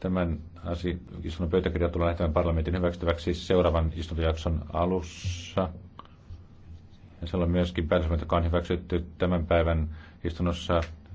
Tämän asia, istunnon pöytäkirja tulee lähettämään parlamentin hyväksyttäväksi seuraavan istuntojakson alussa. Ja siellä on myöskin päätösmät, joka on hyväksytty tämän päivän istunnossa